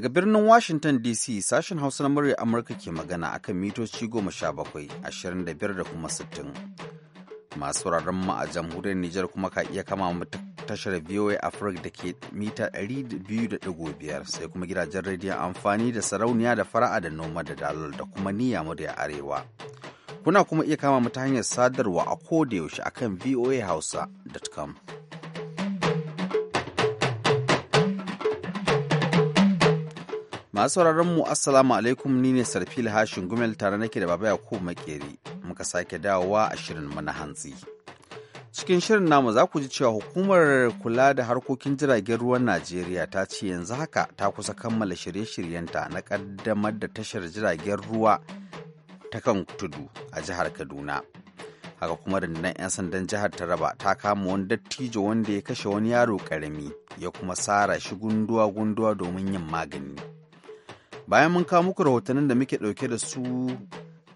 Daga birnin Washington DC sashen Hausa na murya Amurka ke magana akan mitoci goma sha bakwai, ashirin da biyar da kuma sittin. Masu wuraren mu a jamhuriyar Nijar kuma ka iya kama mu tashar VOA Africa da ke mita 200.5 sai kuma gidajen rediyon amfani da sarauniya da fara'a da noma da dalar da kuma niyya murya arewa. Kuna kuma iya kama mu ta hanyar sadarwa a koda yaushe akan voahausa.com. Masu sauraron mu Assalamu alaikum ni ne Sarfil Hashin Gumel tare nake da Baba Yakubu Makeri muka sake dawowa a shirin mana hantsi. Cikin shirin namu za ku ji cewa hukumar kula da harkokin jiragen ruwan Najeriya ta ce yanzu haka ta kusa kammala shirye-shiryenta na ƙaddamar da tashar jiragen ruwa ta kan tudu a jihar Kaduna. haka kuma rundunar 'yan sandan jihar taraba ta kama wani dattijo wanda ya kashe wani yaro karami ya kuma sara shi gunduwa-gunduwa domin yin magani bayan mun kawo muku rahotannin da muke ɗauke da su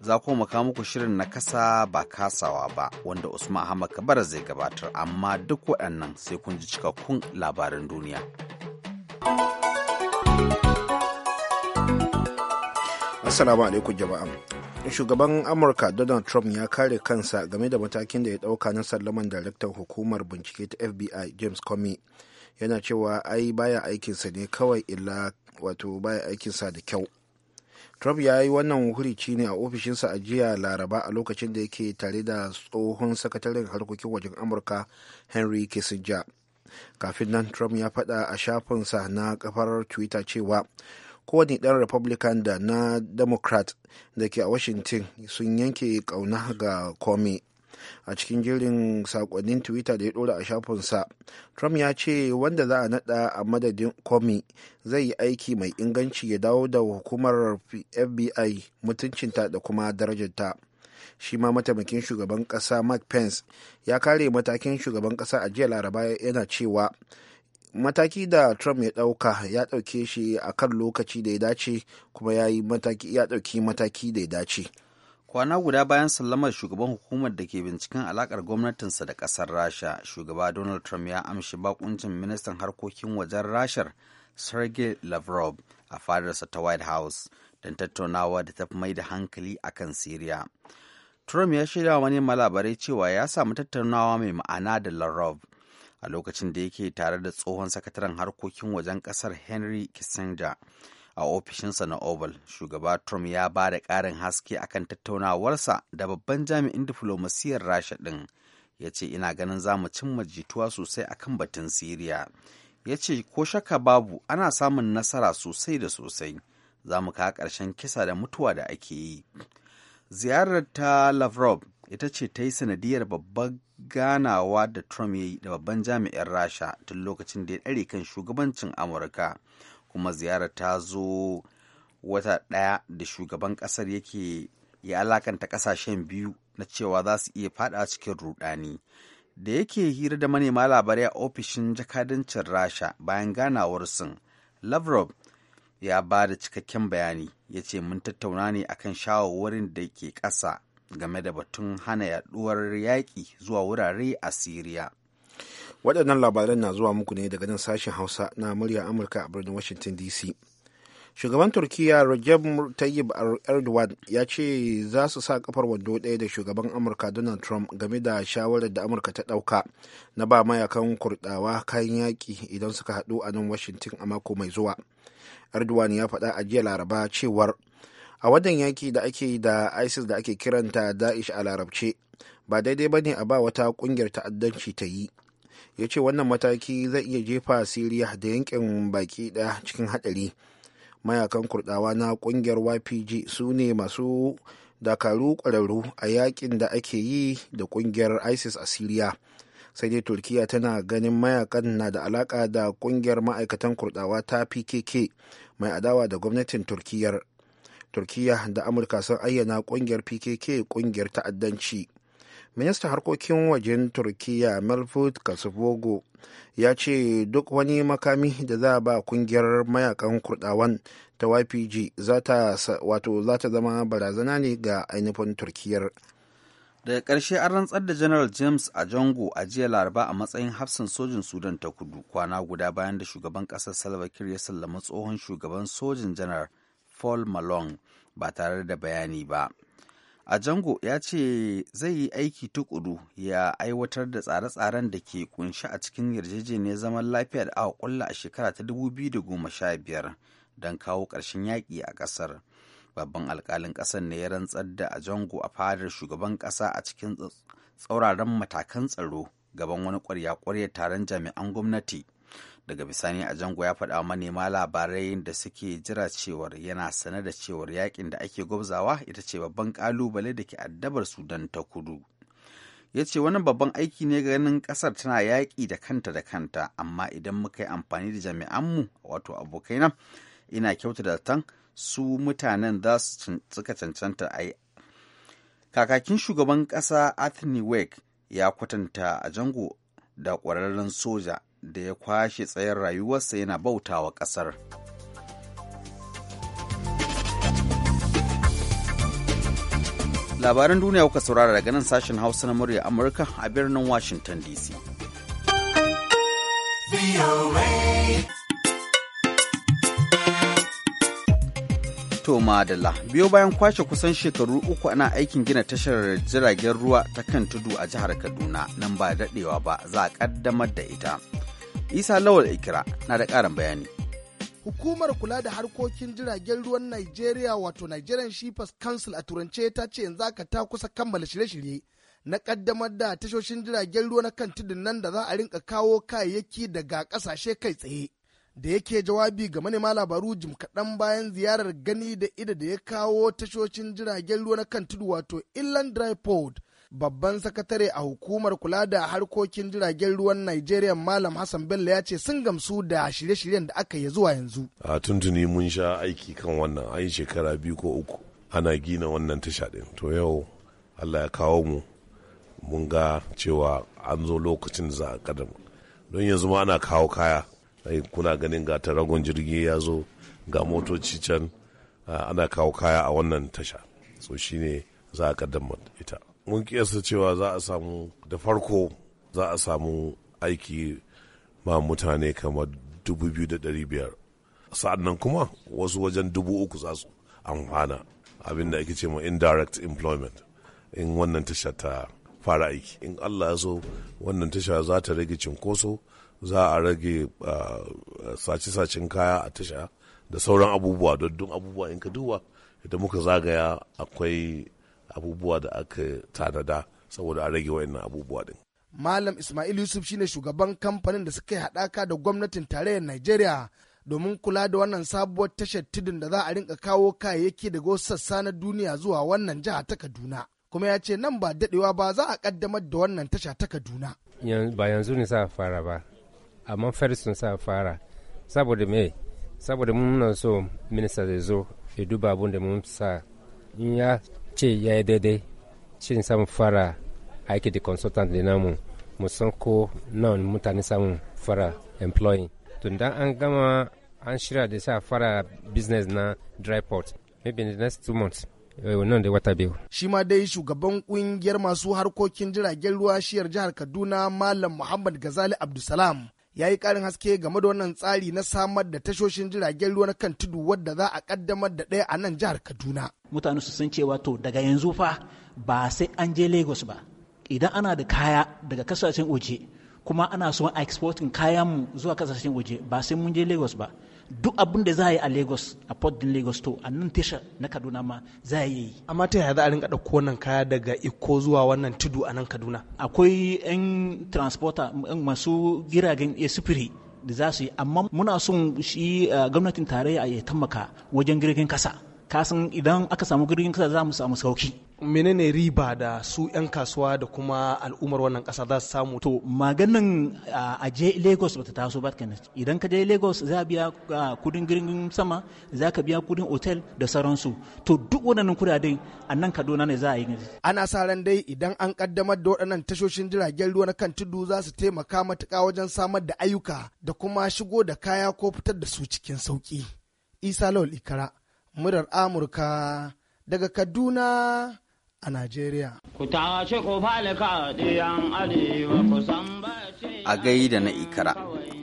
za kuma kawo muku shirin na kasa ba kasawa ba wanda usman ahmad kabara zai gabatar amma duk waɗannan sai kun ji cikakkun labaran duniya assalamu alaikum jama'a shugaban amurka donald trump ya kare kansa game da matakin da ya ɗauka na sallaman daraktan hukumar bincike ta fbi james comey yana cewa ai baya aikinsa ne kawai ila. wato baya aikinsa da kyau trump ya yi wannan hurici ne a ofishinsa a jiya laraba a lokacin da yake tare da tsohon sakataren harkokin wajen amurka henry kissinger kafin nan trump ya faɗa a shafinsa na kafar twitter cewa kowane ɗan republican da na democrat da ke a washington sun yanke ƙauna ga comey a cikin jerin sakonnin twitter da ya dora a shafinsa trump ya ce wanda za a nada a madadin komi zai yi aiki mai inganci ya dawo da hukumar fbi mutuncinta da kuma darajarta shi ma mataimakin shugaban kasa mark pence ya kare matakin shugaban kasa a jiya laraba yana cewa mataki da trump ya dauka ya dauke shi a kan lokaci da ya dace kuma ya ɗauki mataki da ya dace kwana guda bayan sallamar shugaban hukumar da ke binciken alakar gwamnatinsa da kasar rasha shugaba donald trump ya amshi bakuncin ministan harkokin wajen rashar sergei lavrov a fadarsa ta white house don tattaunawa da ta mai da hankali a kan siriya trump ya shaida wani malabarai cewa ya samu tattaunawa mai ma'ana da lavrov a lokacin da yake tare da tsohon sakataren harkokin wajen kasar henry kissinger a ofishinsa na oval shugaba trump ya ba da ƙarin haske akan tattaunawarsa da babban jami'in diflomasiyyar rasha ɗin ya ce ina ganin za mu cimma jituwa sosai akan batun siriya ya ce ko shakka babu ana samun nasara sosai da sosai za mu kawo ƙarshen kisa da mutuwa da ake yi ziyarar ta lavrov ita ce ta yi sanadiyar babban ganawa da trump ya yi da babban jami'in rasha tun lokacin da ya ɗare kan shugabancin amurka kuma ziyarar ta zo wata ɗaya da shugaban ƙasar yake ya alakanta ƙasashen biyu na cewa za su iya faɗa cikin rudani da yake hira da manema labarai a ofishin jakadancin rasha bayan ganawar sun lavrov ya ba da cikakken bayani ya ce mun tattauna ne akan shawarwarin da ke ƙasa game da batun hana yaduwar yaƙi zuwa wurare a siriya waɗannan labaran na zuwa muku ne daga nan sashen hausa na murya amurka a birnin washington dc shugaban turkiya rajab tayyib erdogan ya ce za su sa kafar wando ɗaya da shugaban amurka donald trump game da shawarar da amurka ta ɗauka na ba mayakan kurɗawa kayan yaƙi idan suka haɗu a nan washington a mako mai zuwa erdogan ya faɗa a jiya laraba cewar a wannan yaƙi da ake da isis da ake kiranta da'ish a larabce ba daidai ba ne a ba wata ƙungiyar ta'addanci ta yi ya ce wannan mataki zai iya jefa siriya da yankin baki ɗaya cikin hadari mayakan kurdawa na kungiyar ypg su ne masu dakaru ƙwararru a yakin da ake yi da kungiyar isis a siriya sai dai turkiya tana ganin mayakan na da alaƙa da kungiyar ma'aikatan kurdawa ta pkk mai adawa da gwamnatin turkiyar turkiya da amurka sun ayyana kungiyar pkk kungiyar ta'addanci ministan harkokin wajen turkiyya melfut kasbogo ya ce duk wani makami da za a ba kungiyar mayakan kurdawan ta ypg za ta zama barazana ne ga ainihin turkiyar daga karshe an rantsar da general james a jango a jiya laraba a matsayin hafsan sojin sudan ta kudu kwana guda bayan da shugaban ƙasar salva ya sallama tsohon shugaban sojin janar paul malong ba tare da bayani ba Ajango ya ce zai yi aiki tukuru ya aiwatar da tsare-tsaren da ke kunshi a cikin yarjejeniyar zaman lafiya da aka kulla a shekara ta 2015 don kawo ƙarshen yaƙi a ƙasar. Babban alkalin ƙasar ne ya rantsar da Ajango a fadar shugaban ƙasa a cikin tsauraran matakan tsaro gaban wani ƙwarya-ƙwarya taron jami'an gwamnati. daga bisani a jango ya faɗa manema labarai da suke jira cewar yana sane da cewar yakin da ake gwabzawa ita ce babban kalubale da ke addabar sudan ta kudu ya ce wani babban aiki ne ganin ƙasar tana yaƙi da kanta da kanta amma idan muka yi amfani da jami'an mu wato abokaina ina kyauta da tan su mutanen za su suka cancanta a kakakin shugaban ƙasa anthony wake ya kwatanta a jango da ƙwararren soja da ya kwashe tsayin rayuwarsa yana bautawa ƙasar. Labaran duniya kuka saurara daga nan sashen Hausa na murya Amurka a birnin Washington DC. toma Madala biyo bayan kwashe kusan shekaru uku ana aikin gina tashar jiragen ruwa ta kan tudu a jihar Kaduna nan ba daɗewa ba za a ƙaddamar da ita. Isa Lawal Ikira na da ƙarin bayani. Hukumar kula da harkokin jiragen ruwan Nigeria wato Nigerian Shippers Council a turance ta ce yanzu aka ta kusa kammala shirye-shirye na ƙaddamar da tashoshin jiragen ruwa na kan tudun nan da za a rinka kawo kayayyaki daga ƙasashe kai tsaye. da yake jawabi ga manema labaru jim kaɗan bayan ziyarar gani da ida da ya kawo tashoshin jiragen ruwa na kan tudu wato inland dry port babban sakatare a hukumar kula da harkokin jiragen ruwan Nigeria Malam Hassan Bello ya ce sun gamsu da shirye-shiryen da aka yi zuwa yanzu. A tuntuni mun sha aiki kan wannan ayi shekara biyu ko uku ana gina wannan tasha ɗin. To yau Allah ya kawo mu mun ga cewa an zo lokacin za a kadama. Don yanzu ma ana kawo kaya. Kuna ganin ga taragon jirgi ya zo ga motoci can ana kawo kaya a wannan tasha. So shine za a kaddamar ita. mun kiyasta cewa za a samu da farko za a samu aiki ma mutane kamar dubu biyu da dari biyar sa'annan kuma wasu wajen dubu uku za su amfana abin da ake ce ma indirect employment in wannan tasha ta fara aiki in allah ya so wannan tasha za ta rage cinkoso za a rage ah, sace-sacen kaya a tasha da sauran abubuwa don abubuwa in ka duba idan muka zagaya akwai abubuwa da aka tanada saboda a rage wayannan abubuwa din. Malam Ismail Yusuf shine shugaban kamfanin da suka yi haɗaka da gwamnatin tarayyar Najeriya domin kula da wannan sabuwar tashar tudun da za a rinka kawo kayayyaki daga wasu sassa na duniya zuwa wannan jiha ta Kaduna. Kuma ya ce nan ba daɗewa ba za a ƙaddamar da wannan tasha ta Kaduna. Ba yanzu ne sa fara ba, amma Faris sun sa fara. Saboda me? Saboda mun so minista zai zo ya duba abun da mun sa in ya ce ya yi daidai shi ne samun fara aiki da consultant da namu musan ko nawa mutane samun fara employing tun da an gama an shirya da sa fara business na dry port maybe in the next two months eh, da wata biyu. Shi ma dai shugaban kungiyar masu harkokin jiragen ruwa shiyar jihar Kaduna Malam Muhammad Gazali Abdulsalam ya yi ƙarin haske game da wannan tsari na samar da tashoshin jiragen ruwa na kan tudu wadda za a ƙaddamar da ɗaya a nan jihar Kaduna. Mutane su san cewa to daga yanzu fa ba sai an je Lagos ba. Idan ana da kaya daga kasashen waje kuma ana so exporting kayan mu zuwa kasashen waje ba sai mun je Lagos ba. duk abin da za a yi a lagos a port din lagos to a nan tasha na kaduna ma za a yi amma ta yaya za a rinka ɗauko wannan kaya daga iko zuwa wannan tudu a nan kaduna akwai 'yan transporter masu giragen sufuri da za su yi amma muna son shi eh, gwamnatin tarayya ya tammaka wajen girgin kasa kasan idan aka samu gurin kasa za mu samu sauki menene riba da su 'yan kasuwa da kuma al'ummar wannan kasa za su samu to maganin a je lagos bata taso ba kenan idan ka je lagos za biya kudin girgin sama za ka biya kudin otel da sauransu to duk waɗannan kudaden a nan kaduna ne za a yi ana sa ran dai idan an kaddamar da waɗannan tashoshin jiragen ruwa na kan tudu za su taimaka matuka wajen samar da ayyuka da kuma shigo da kaya ko fitar da su cikin sauki isa lawal ikara murar Amurka daga Kaduna a Najeriya. A gai da na ikara,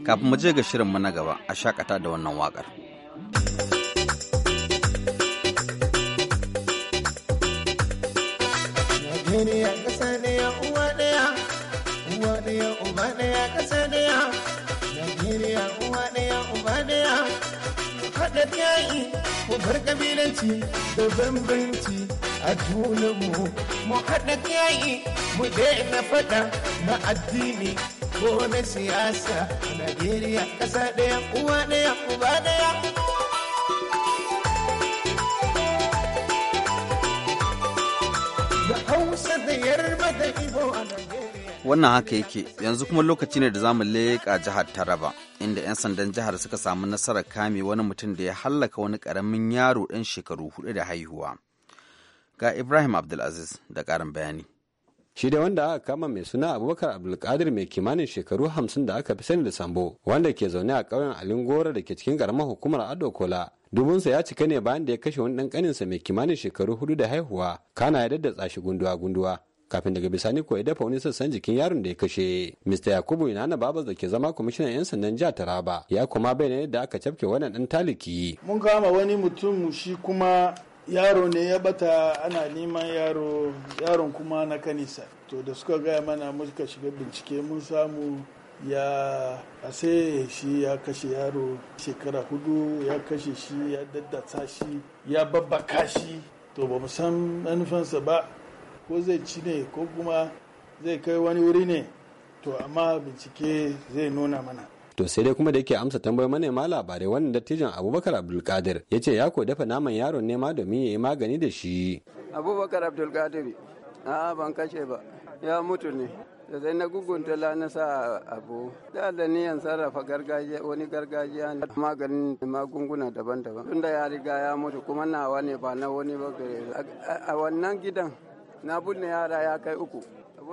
kafin mu je ga shirinmu na gaba a shakata da wannan waƙar. Najeriya ƙasa ya uwa ɗaya, uwa ɗaya uba ɗaya. da yayi mu bar kabilanci da bambanci a junanmu mu haɗa yayi mu daina faɗa na addini ko na siyasa a Najeriya ƙasa ɗaya uwa ɗaya uba ɗaya. Da Hausa da Yarba da Ibo a Najeriya. wannan haka yake yanzu kuma lokaci ne da za mu leƙa jihar taraba inda 'yan sandan jihar suka samu nasarar kame wani mutum da ya hallaka wani ƙaramin yaro ɗan shekaru hudu da haihuwa ga ibrahim abdulaziz da ƙarin bayani shi da wanda aka kama mai suna abubakar abdulkadir mai kimanin shekaru hamsin da aka fi sani da sambo wanda ke zaune a ƙauyen alingora da ke cikin ƙaramar hukumar ado kola dubunsa ya cika ne bayan da ya kashe wani ɗan ƙaninsa mai kimanin shekaru hudu da haihuwa kana ya daddatsa shi gunduwa gunduwa kafin daga bisani ko ya dafa wani sassan jikin yaron da ya kashe mr yakubu inana babas da ke zama kwamishinan yan sandan jihar taraba ya kuma bayyana yadda aka cafke wannan dan taliki mun kama wani mutum shi kuma yaro ne ya bata ana neman yaro yaron kuma na kanisa to da suka gaya mana muka shiga bincike mun samu ya a shi ya kashe yaro shekara hudu ya kashe shi ya daddasa shi ya babbaka shi to ba mu san manufansa ba ko zai ci ne ko kuma zai kai wani wuri ne to amma bincike zai nuna mana to sai dai kuma da yake amsa tambayar manema labarai wannan dattijan abubakar abdulkadir ya ce ya ko dafa naman yaron nema ma domin ya yi magani da shi abubakar abdulkadir a ban kashe ba ya mutu ne da sai na gugunta lana sa abu da da niyan sarrafa gargajiya wani gargajiya ne maganin magunguna daban-daban tunda ya riga ya mutu kuma nawa ne ba na wani ba a wannan gidan na bunne yara ya kai uku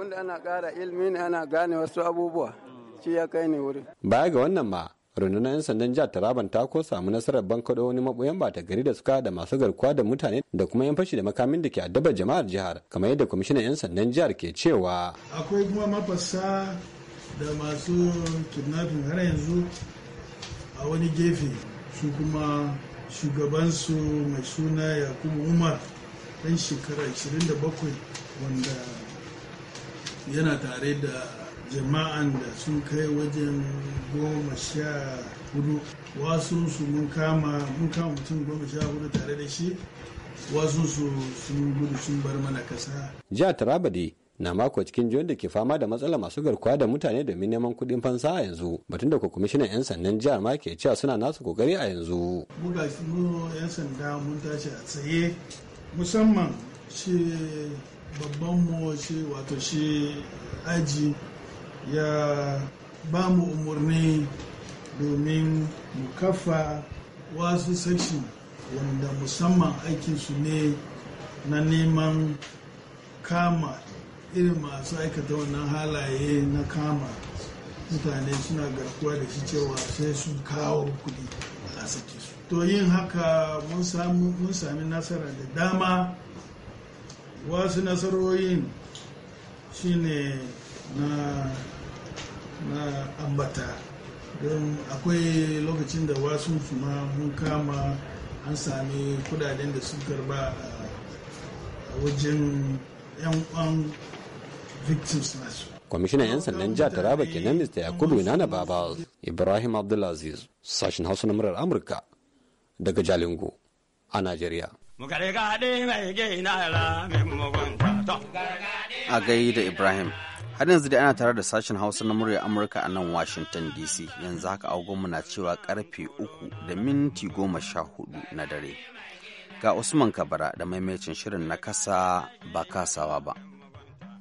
da ana kara ilimi ne ana gane wasu abubuwa shi ya kai ni wurin baya ga wannan ma rundunar 'yan sandan jihar taraban ta ko samu nasarar bankaɗo wani maɓoyan ta gari da suka da masu garkuwa da mutane da kuma 'yan fashi da makamin da ke addabar jama'ar jihar kamar yadda kwamishinan 'yan sandan jihar ke cewa akwai kuma mafasa da masu kidnapping har yanzu a wani gefe su kuma shugabansu mai suna yakubu umar ɗan shekara 27 wanda yana tare da jama'an da sun kai wajen goma sha hudu wasu su mun kama mutum goma sha hudu tare da shi wasu su sun gudu sun bar mana kasa jihar Tarabade na mako cikin jiyon da ke fama da matsala masu garkuwa da mutane domin neman kuɗin fansa a yanzu batun da ku kwamishinan 'yan sandan jihar ma ke cewa suna nasu kokari a yanzu. Muga shi 'yan sanda mun tashi a tsaye musamman shi babban mu shi wato shi aji ya ba mu umarni domin mu kafa wasu sashi wanda musamman su ne na neman kama irin masu aikata wannan halaye na kama mutane suna garkuwa da shi cewa sai sun kawo kudi a sake to yin haka mun sami nasara da dama wasu nasarorin shine na na ambata don akwai lokacin da wasu kuma mun kama an sami kudaden da sun karba a wajen 'yan kwan victims nasu kwamishinan 'yan sandan jihar taraba kenan mr yakubu nana babal ibrahim abdulaziz sashen hausa na murar amurka daga Jalingo a Najeriya. A gai da Ibrahim, har yanzu dai ana tare da sashen Hausa na murya Amurka a nan Washington DC yanzu haka agonmu na cewa karfe uku da minti goma sha hudu na dare. Ga Usman Kabara da maimacin shirin na kasa ba kasawa ba.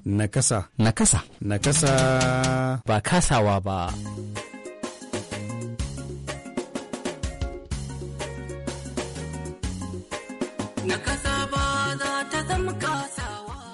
Na kasa. Na kasa. Na kasa. Ba kasawa ba.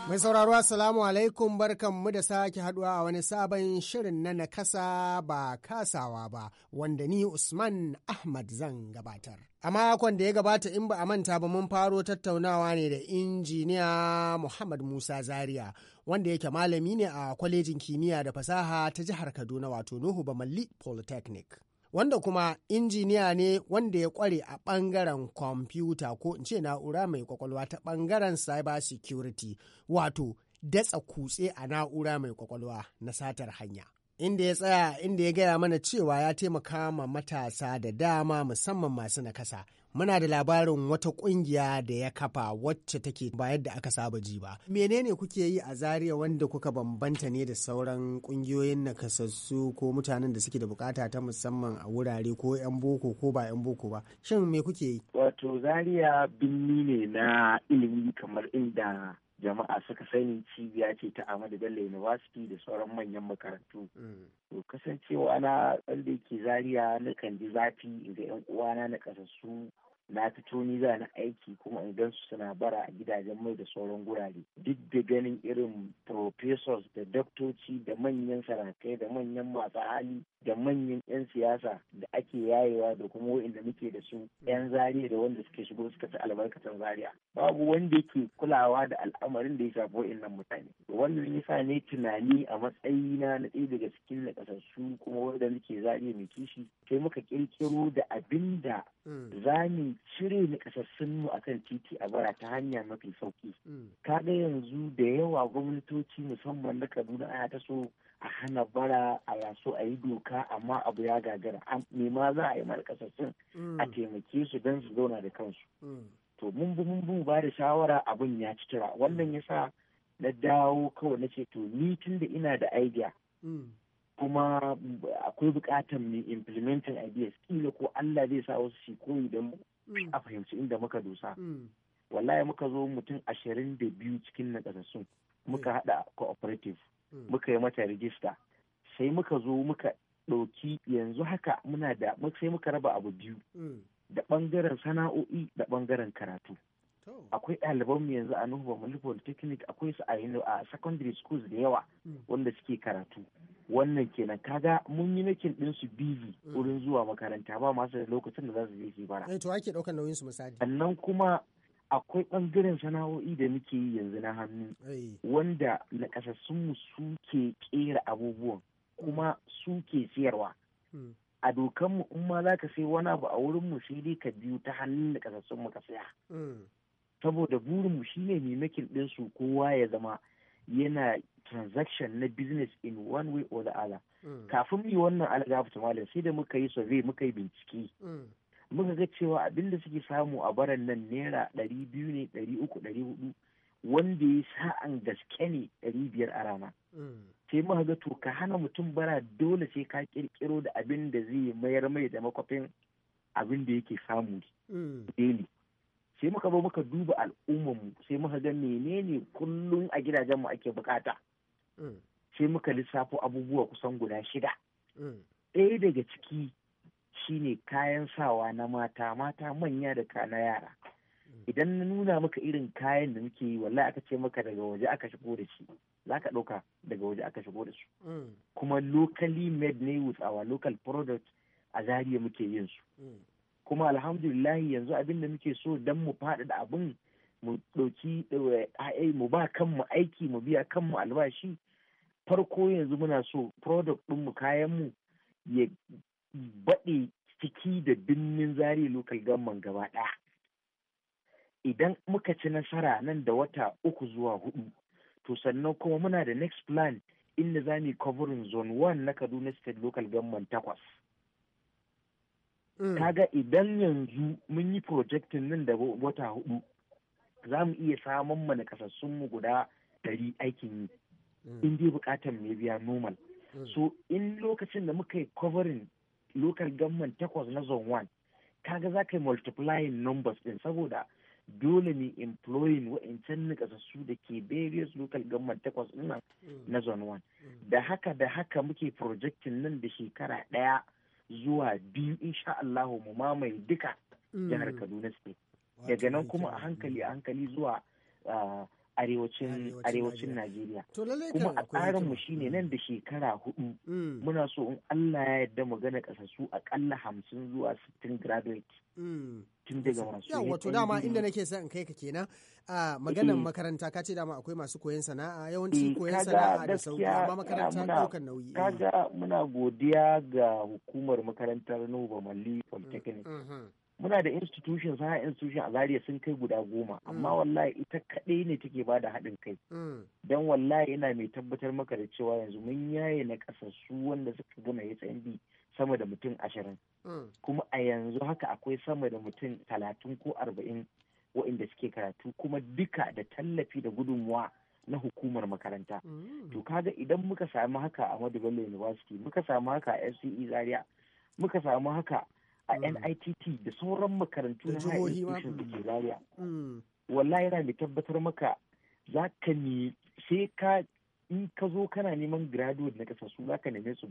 Mai sauraro Assalamu alaikum barkanmu da sake haduwa a wani sabon shirin na nakasa ba kasawa ba wanda ni Usman Ahmad zan gabatar. A makon da ya gabata in ba a manta ba mun faro tattaunawa ne da injiniya Muhammad Musa Zaria wanda yake malami ne a kwalejin kimiyya da fasaha ta jihar Kaduna wato Nuhu Bamalli Polytechnic. wanda kuma injiniya ne wanda ya kware a bangaren kwamfuta ko in ce na'ura mai kwakwalwa ta bangaren cyber security wato datsa kutse a na'ura mai kwakwalwa na satar hanya. inda ya tsaya inda ya gaya mana cewa ya taimaka ma matasa da dama musamman masu nakasa muna da labarin wata kungiya da ya kafa wacce take ba yadda aka saba ji ba menene kuke yi a zaria wanda kuka bambanta ne da sauran kungiyoyin nakasassu ko mutanen da suke da bukata ta musamman a wurare ko yan boko ko ba yan boko ba shin me kuke yi wato zaria binni ne na ilimi kamar inda jama'a suka sani cibiya ce ta Ahmadu Bello University da sauran manyan makarantu. Mm. To kasancewa na wanda ke zaria na kan ji zafi ga 'yan uwana na kasassu na fito ni za na aiki kuma in gan su suna bara a gidajen mai da sauran gurare duk da ganin irin professors da daktoci da manyan sarakai da manyan masu hali da manyan 'yan siyasa da ake yayewa da kuma wa'inda muke da su 'yan zariya da wanda suke shigo suka ci albarkatan zariya babu wanda yake kulawa da al'amarin da ya shafi wa'innan mutane wannan ya sa ne tunani a matsayina na ɗaya daga cikin nakasassu kuma wanda muke zariya mai kishi sai muka kirkiro da abin da hmm. za mu cire nakasassun mu akan titi a bara ta hanya mafi sauki mm. kaga yanzu da yawa gwamnatoci musamman na kaduna ana ta so a hana bara a yaso a yi doka amma abu ya gagara me ma za a yi nakasassun mm. a taimake su don su zauna da kansu mm. to mun bi mun bi ba da shawara abun ya ci tura wannan sa na dawo kawai na ce to ni tun da ina da idea kuma akwai bukatar mai implementing ideas kila ko Allah zai sa wasu shi koyi don Mm. a fahimci inda muka dusa mm. wallahi muka zo mutum ashirin da biyu cikin nakasassun muka mm. hada cooperative muka yi mata rijista sai muka zo muka ɗauki yanzu haka muna da sai muka raba abu biyu da ɓangaren sana'o'i da ɓangaren karatu akwai ɗalibanmu yanzu a nuhu bamalli polytechnic akwai su a secondary schools da yawa wanda suke karatu wannan kenan kaga mun yi nakin din su bizi mm. wurin zuwa makaranta ba masu da lokacin da za su je su bara eh to ake daukar nauyin su misali sannan kuma akwai bangaren sana'o'i da muke yi yanzu na hannu eh. wanda na kasassun mu suke kera abubuwan kuma su ke siyarwa hmm. a dokanmu in ma za sai wani abu a wurinmu sai dai ka biyu ta hannun da mu ka saya hmm. saboda burin mu shine ne makin ɗinsu kowa ya zama yana transaction na business in one way or the other mm. kafin mu yi wannan algafta malam sai da muka yi survey muka yi bincike mm. muka ga cewa abin da suke samu a baran nan naira ɗari biyu ne ɗari uku ɗari hudu wanda ya sa'an gaske ne ɗari biyar a rana mm. sai muka ga to ka hana mutum bara dole sai ka ƙirƙiro da abinda da zai mayar mai da makwafin abinda da yake samu daily sai muka ba muka duba mu sai muka ga menene kullum a gidajen mu ake bukata Mm. sai muka lissafo abubuwa kusan guda shida mm. ɗaya daga ciki shine kayan sawa na mata mata manya da na yara mm. idan na nuna maka irin kayan da muke yi wallahi aka ce maka daga waje aka shigo da shi za ka ɗauka daga waje aka shigo da su kuma locally made ne with our local product a zariya muke yin su kuma alhamdulillahi yanzu abin da muke so don mu faɗaɗa abin mu ɗauki eh, ai mu ba kanmu aiki mu biya kanmu albashi farko yanzu muna so product ɗinmu kayanmu ya baɗe ciki da birnin zari local government gaba ɗaya idan muka ci nasara nan da wata uku zuwa hudu to sannan kuma muna da next plan inda za mu covering zone one na kaduna state local government takwas mm. kaga idan yanzu mun yi projectin nan da wata hudu za mu iya samun mana mu guda ɗari aikin yi mm. in dai bukatar mai biya normal mm. so in lokacin da muka yi covering local government takwas na zone one kaga za ka yi multiplying numbers din saboda dole ne employing wa'ancan nakasassu da ke various local government takwas nan mm. na zone one da haka da haka muke projectin nan da shekara ɗaya zuwa biyu insha Allah mu mamaye duka jihar Kaduna state daga nan kuma a hankali a hankali zuwa arewacin arewacin Najeriya kuma a tsarin mu shine nan da mm. shekara hudu mm. muna so in Allah ya yarda magana kasasu a akalla hamsin zuwa sittin graduate mm. tun daga masu wato dama inda nake sa in kai ka kenan a maganar eh. makaranta ka ce dama akwai masu koyon sana'a yawanci eh, koyon sana'a da sauki amma makaranta daukan nauyi eh. kaga muna godiya ga hukumar makarantar Nuba Mali Polytechnic mm-hmm. muna da institutions ha institution a zaria sun kai guda goma amma mm. wallahi ita kaɗai ne take ba da haɗin kai mm. don wallahi yana mai tabbatar maka da cewa yanzu mun yaye na su wanda suka gama hnd sama da mutum ashirin mm. kuma a yanzu haka akwai sama da mutum talatin ko arba'in waɗanda suke karatu kuma duka da tallafi da gudunmuwa na hukumar makaranta to kaga idan muka samu haka a Bello University muka samu haka a FCE Zaria muka samu haka a mm. NITT da sauran makarantu na higher institution da ke Zaria. Mm. Wallahi yana da tabbatar maka za ka ne sai ka in ka zo kana neman graduate na kasa su za ka neme su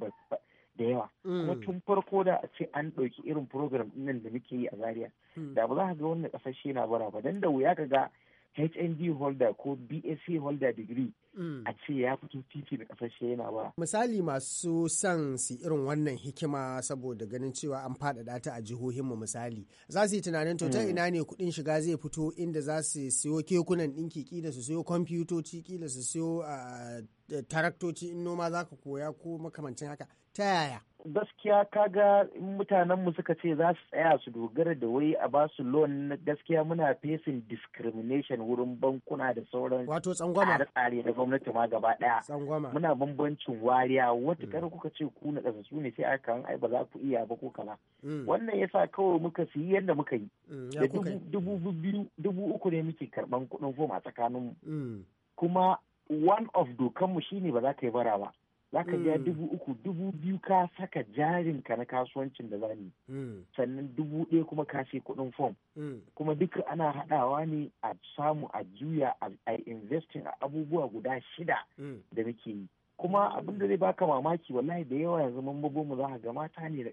da yawa. Kuma mm. tun farko da a ce an ɗauki irin program ɗinnan da muke yi a Zaria. Da ba za ka ga wannan ƙasashe na bara ba dan da wuya ka ga HND holder ko BSc holder degree mm. a ce ya fito titi da kasashe yana ba. Misali masu son su irin wannan hikima saboda ganin cewa an faɗaɗa ta a jihohinmu misali. Za su yi tunanin to ta mm. ina ne kuɗin shiga zai fito inda za su siyo kekunan ɗinki kila su siyo kwamfutoci kila su siyo ah, taraktoci in noma za ka koya ko makamancin haka. Ta yaya? gaskiya kaga mutanen mu suka ce za su tsaya su dogara da wai a basu loan gaskiya muna facing discrimination wurin bankuna da sauran wato tsangwama da tsare da gwamnati ma gaba daya muna bambancin wariya wata mm. kar kuka ce ku na su ne sai aka ai ba za ku iya ba ko kala mm. wannan yasa kawai muka siyi yadda muka yi mm, da dubu uku ne muke karban kuɗin goma tsakanin mu kuma one of dokanmu shine ba za ka yi bara ba za ka biya mm. dubu uku dubu biyu ka saka jarin ka na kasuwancin da zani mm. sannan dubu ɗaya kuma ka ce kuɗin fom mm. kuma duka ana haɗawa ne a samu a juya a investing a abubuwa guda shida da muke yi kuma abin da zai baka mamaki wallahi da yawa yanzu mambobin mu za ka ga mata ne da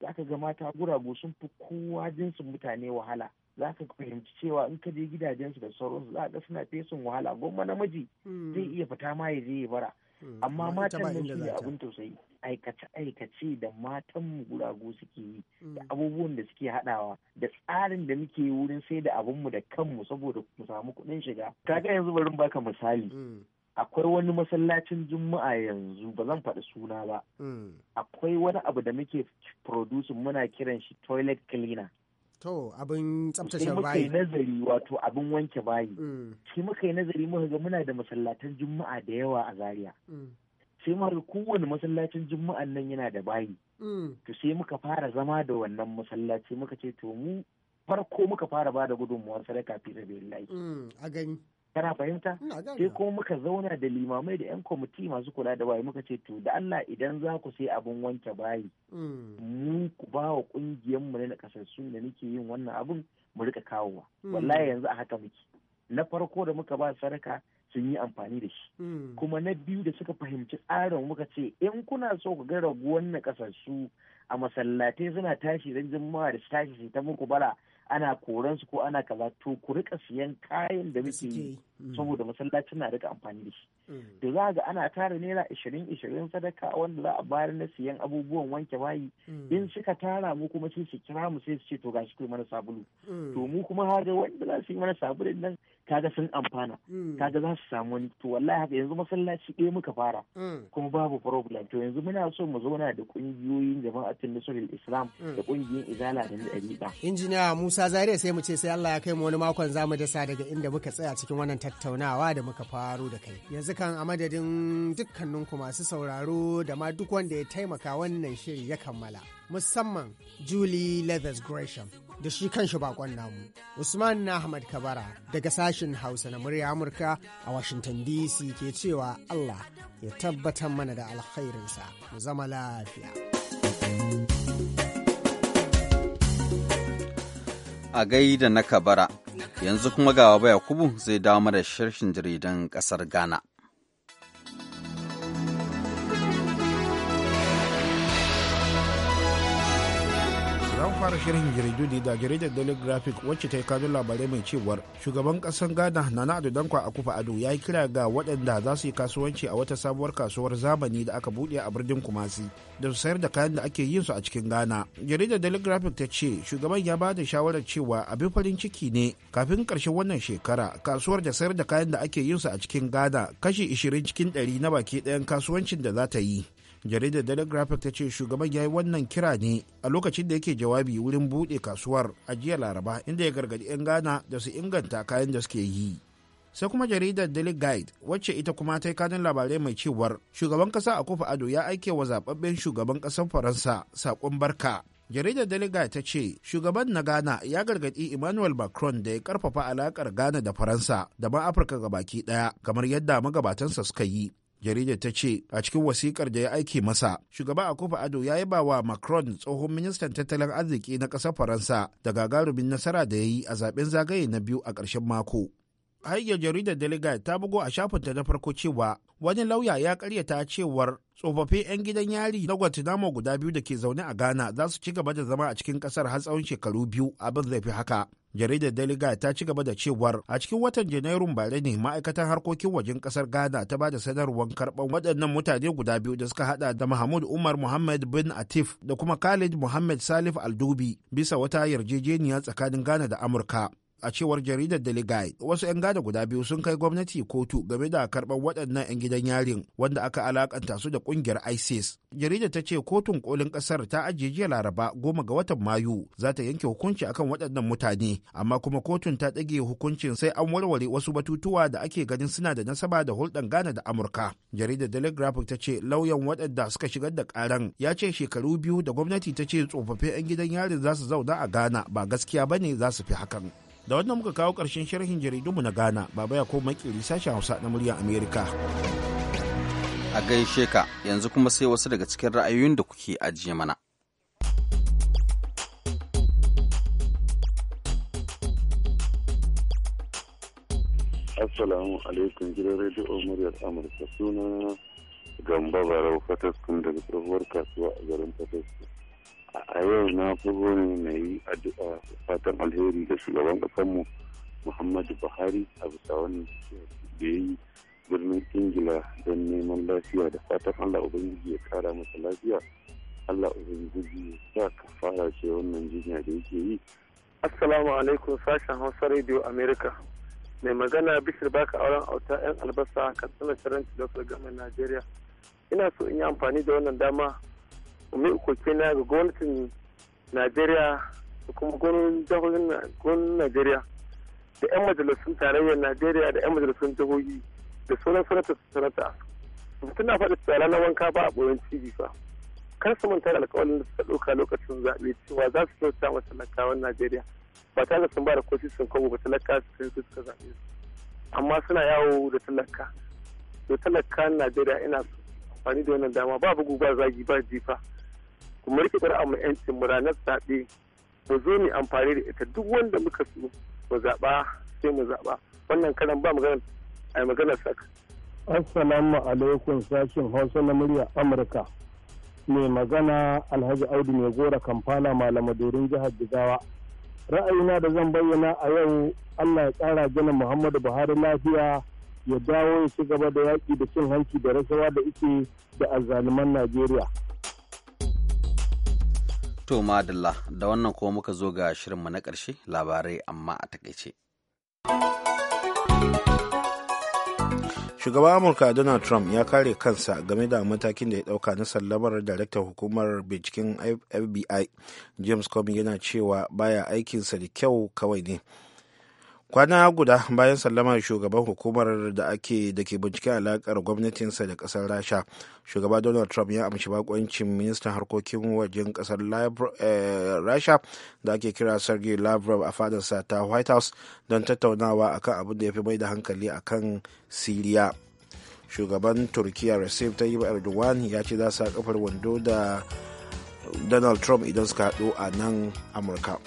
za ka ga mata guragu sun fi kowa jinsin mutane wahala za ka fahimci cewa in ka je gidajensu da sauransu za ga suna fesin wahala gomma namiji zai iya fita ma ya je ya bara Mm, amma matan mu su abin tausayi aikace aikace da matan mu gurago suke yi da mm. abubuwan da suke hadawa da tsarin da muke yi wurin sai da abin mu da kanmu saboda mu samu kuɗin shiga kaga yanzu bari baka misali mm. akwai wani masallacin juma'a yanzu ba zan faɗi suna ba akwai wani abu da muke producing muna kiran shi toilet cleaner To abin tsabtace bayi. Sai muka nazari wato abin wanke bayi. Mm. Sai muka yi nazari muka ga muna da masallatan juma'a da yawa a Zaria. Mm. Sai muka ga kowane masallacin juma'an nan yana da bayi. Mm. To sai muka fara zama da wannan masallaci muka ce to mu farko muka fara bada da gudunmuwar sadaka fi sabilillahi. A gani. kana fahimta sai kuma muka zauna da limamai da 'yan kwamiti masu kula da waye muka ce to da Allah idan za ku sai abin wanke bayi mm. mu ku ba wa kungiyar mu na kasassun da nake yin wannan abun mu rika kawowa mm. wallahi yanzu a haka muke na farko da muka ba sadaka sun yi amfani da shi mm. kuma na biyu da suka fahimci tsarin muka ce in kuna so ku ga raguwan na kasassu a masallatai suna tashi don ma da su tashi su ta muku bala ana koran su ko ana kaza to ku rika siyan kayan da muke yi mm. saboda masallacin na rika amfani da shi mm. da za ga ana tara naira ishirin ishirin sadaka wanda za a bayar na siyan abubuwan wanke bayi mm. in suka tara mu kuma sai su kira mu sai su ce to gashi kai mana sabulu to mu kuma har wanda za su yi mana sabulun nan kaga sun amfana mm. kaga za su samu wani to wallahi haka yanzu masallaci ɗaya muka fara mm. kuma babu problem to yanzu muna so mu zauna da kungiyoyin jama'atin nasarar islam mm. da kungiyoyin izala da ɗariƙa. injiniya musa zaria sai mu ce sai allah ya kai mu wani makon za mu dasa daga inda muka tsaya cikin wannan tattaunawa da muka faro da kai yanzu kan a madadin dukkaninku masu sauraro da ma duk wanda ya taimaka wannan shiri ya kammala musamman julie leathers gresham da shi kanshi bakon namu usman na ahmad kabara daga sashen hausa na murya amurka a washington dc ke cewa allah ya tabbatar mana da alkhairinsa mu zama lafiya a gaida na kabara yanzu kuma ga baya kubu zai dawo mana shirshin jaridan kasar ghana zan fara shirin jaridu da jaridar daily graphic wacce ta yi kanun labarai mai cewar shugaban kasan ghana na adudankwa a kufa ado ya yi kira ga waɗanda za su yi kasuwanci a wata sabuwar kasuwar zamani da aka buɗe a birnin kumasi da su sayar da kayan da ake yin su a cikin ghana jaridar daily graphic ta ce shugaban ya ba da shawarar cewa abin farin ciki ne kafin ƙarshen wannan shekara kasuwar da sayar da kayan da ake yin su a cikin ghana kashi 20 cikin ɗari na baki ɗayan kasuwancin da za ta yi jaridar daily graphic ta ce shugaban ya yi wannan kira ne a lokacin da yake jawabi wurin buɗe kasuwar a jiya laraba inda ya gargadi 'yan ghana da su inganta kayan da suke yi sai kuma jaridar daily guide wacce ita kuma ta yi kanin labarai mai cewar shugaban kasa a kofa ado ya aike wa zababben shugaban kasar faransa saƙon barka jaridar daily guide ta ce shugaban na ghana ya gargaɗi emmanuel macron da ya karfafa alaƙar ghana da faransa da ma afirka baki ɗaya kamar yadda magabatansa suka yi jaridar ta ce a cikin wasikar da ya aiki masa shugaba a akufa ado ya yaba wa macron tsohon ministan tattalin arziki na ƙasar faransa da gagarumin nasara da ya yi a zaben zagaye na biyu a ƙarshen mako hayyar jaridar delegate ta bugo a shafinta na farko cewa wani lauya ya karyata cewar tsofaffi 'yan gidan yari na guantanamo guda biyu da ke zaune a ghana za su ci gaba da zama a cikin kasar har tsawon shekaru biyu abin zai fi haka jaridar deliga ta ci gaba da cewar a cikin watan janairun bare ne ma'aikatan harkokin wajen kasar ghana ta ba da sadarwar karɓar waɗannan mutane guda biyu da suka haɗa da mahmud umar muhammad bin atif da kuma khalid muhammad salif aldubi bisa wata yarjejeniya tsakanin ghana da amurka a cewar jaridar Daily Guide wasu 'yan gada guda biyu sun kai gwamnati kotu game da karɓar waɗannan 'yan gidan yarin wanda aka alakanta su da ƙungiyar ISIS. Jaridar ta ce kotun kolin ƙasar ta ajiye jiya Laraba goma ga watan Mayu za ta yanke hukunci akan waɗannan mutane amma kuma kotun ta dage hukuncin sai an warware wasu batutuwa da ake ganin suna da nasaba da hulɗan Ghana da Amurka. Jaridar Daily Graphic ta ce lauyan waɗanda suka shigar da ƙaran ya ce shekaru biyu da gwamnati ta ce tsofaffin 'yan gidan yarin za su zauna a Ghana ba gaskiya ba ne za su fi hakan. da wannan muka kawo ƙarshen sharhin jaridunmu na ghana baba ya koma makeri sashen hausa na muryar amerika a gaishe ka yanzu kuma sai wasu daga cikin ra'ayoyin da kuke ajiye mana assalamu alaikum gidan rediyo muryar amurka suna gamba barau fataskun daga tsohuwar kasuwa a garin fataskun a yau na fito ne na yi addu'a fatan alheri da shugaban kasanmu muhammadu buhari a bisa wani da ya yi birnin ingila don neman lafiya da fatan allah ubangiji ya kara masa lafiya allah ubangiji ya ka fara ce wannan jinya da yake yi assalamu alaikum sashen hausa radio america mai magana bishir baka auren auta yan albasa kan tsanar shirin tilofar gamin najeriya ina so in yi amfani da wannan dama kuma kokina ga gwamnatin najeriya da kuma gwamnatin najeriya da 'yan majalisun tarayyar najeriya da 'yan majalisun jihohi da sauran sanata sanata mutum na faɗi tsara na wanka ba a ɓoyon cibi fa kar su manta da alƙawarin da suka ɗauka lokacin zaɓe cewa za su kyauta wa talakawan najeriya ba tare da sun ba da kofi sun kawo ba talaka su kai su suka zaɓe su amma suna yawo da talaka da talakawan najeriya ina amfani da wannan dama ba bugu ba zagi ba jifa kuma rike ƙuri'a mu yancin mu ranar zaɓe mu zo mu amfani da ita duk wanda muka so mu zaɓa sai mu zaɓa wannan karan ba magana a magana saka. Assalamu alaikum sashin Hausa na murya Amurka. Mai magana Alhaji Audu mai gora Kampala dorin jihar Jigawa. Ra'ayina da zan bayyana a yau Allah ya tsara gina Muhammadu Buhari lafiya ya dawo ya ci gaba da yaƙi da cin hanci da rasawa da ike da azzaluman Najeriya. To madalla da wannan kuma muka zo ga shirinmu na ƙarshe labarai amma a takaice. Shugaban Amurka Donald Trump ya kare kansa game da matakin da ya dauka na sallamar daraktan hukumar binciken FBI James Comey yana cewa baya aikinsa da kyau kawai ne. kwana guda bayan sallamar shugaban hukumar da ake da ke bincike alakar gwamnatinsa da kasar rasha shugaba donald trump ya amshi bakoncin ministan harkokin wajen kasar eh, rasha da ake kira sergey lavrov a fadarsa ta white house don tattaunawa akan abin da ya fi mai da hankali akan siriya shugaban turkiya recep tayyip erdogan ya ce za su kafar wando da donald trump idan suka haɗu a nan amurka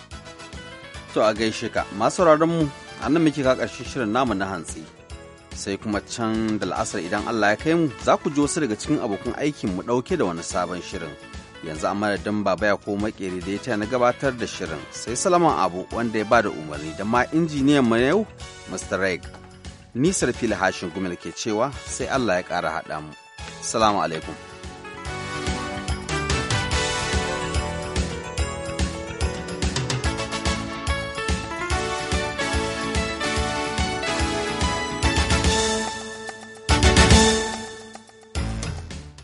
to a gaishe ka masu mu a nan muke ka ƙarshen shirin namu na hantsi sai kuma can da la'asar idan Allah ya kai mu za ku ji wasu daga cikin abokan aikin mu ɗauke da wani sabon shirin yanzu a madadin baba ya ko makeri da ya taya na gabatar da shirin sai salaman abu wanda ya bada umarni da ma injiniyan mu yau Mr. Reg nisar fili hashin gumil ke cewa sai Allah ya kara haɗa mu salamu alaikum